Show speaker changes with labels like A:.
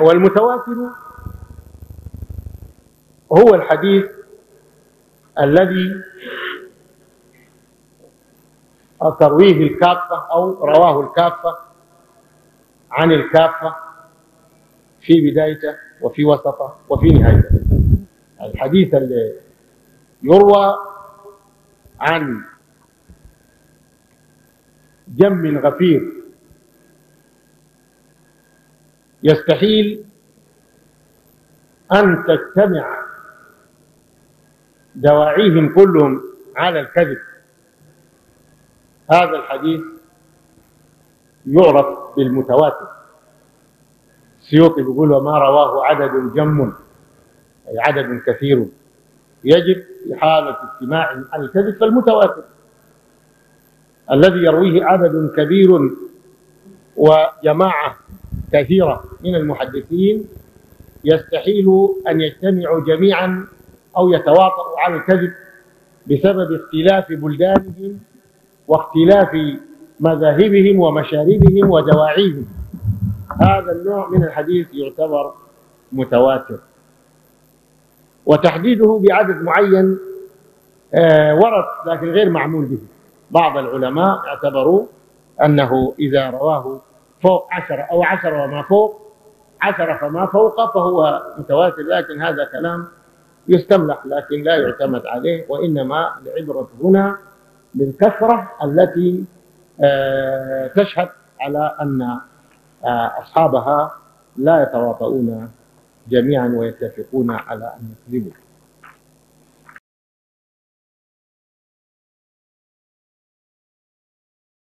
A: والمتواتر هو الحديث الذي ترويه الكافة أو رواه الكافة عن الكافة في بدايته وفي وسطه وفي نهايته الحديث اللي يروى عن جم غفير يستحيل أن تجتمع دواعيهم كلهم على الكذب هذا الحديث يعرف بالمتواتر السيوطي بيقول وما رواه عدد جم أي عدد كثير يجب في حالة اجتماع على الكذب فالمتواتر الذي يرويه عدد كبير وجماعة كثيرة من المحدثين يستحيل أن يجتمعوا جميعا أو يتواطؤوا على الكذب بسبب اختلاف بلدانهم واختلاف مذاهبهم ومشاربهم ودواعيهم هذا النوع من الحديث يعتبر متواتر وتحديده بعدد معين آه، ورد لكن غير معمول به بعض العلماء اعتبروا أنه إذا رواه فوق عشرة أو عشرة وما فوق عشرة فما فوق فهو متواتر لكن هذا كلام يستملح لكن لا يعتمد عليه وإنما العبرة هنا بالكثرة التي آه، تشهد على أن آه، أصحابها لا يتواطؤون جميعا ويتفقون على أن يكذبوا